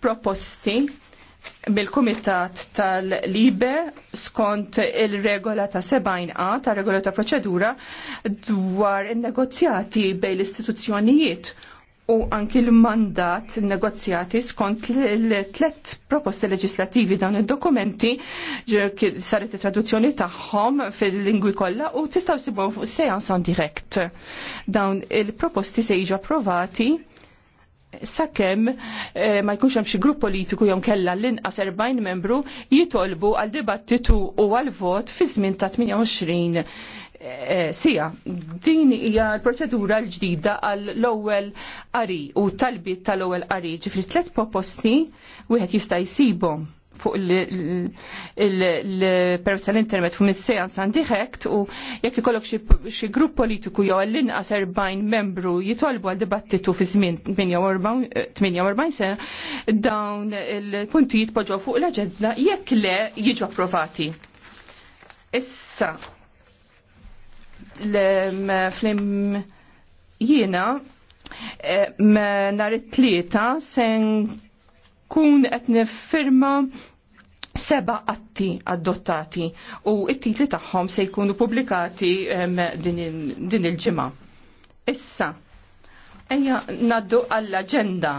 proposti mill-Kumitat tal-Libe skont il-regola ta' 70A ta' regola ta' proċedura dwar il-negozjati bej l-istituzzjonijiet u anki l-mandat negozjati skont l-tlet proposti leġislativi dawn id-dokumenti saret traduzzjoni tagħhom fil-lingwi kollha u tistgħu sibu fuq san direct. Dawn il-proposti se jiġu approvati sakemm eh, ma jkunx hemm xi grupp politiku jew kellha l-inqas 40 membru jitolbu għal dibattitu u għal vot fi żmien ta' 28 eh, eh, sija. Din hija l-proċedura l-ġdida għal l-ewwel qari u talbiet tal-ewwel qari ġifri tliet proposti wieħed jista' jsibhom fuq il-persa l-internet fuq mis-sejan sandiħekt u jekk ikollok xi grupp politiku jew għall-inqas 40 membru jitolbu għal dibattitu fi żmien 48 eh, sena dawn il-punti jitpoġġu fuq l-aġenda jekk le jiġu approvati. Issa flim jiena eh, nhar it-tlieta sen kun qed nifferma seba atti adottati u it-titli tagħhom se jkunu pubblikati din il-ġimgħa. Issa, ejja naddu għall-aġenda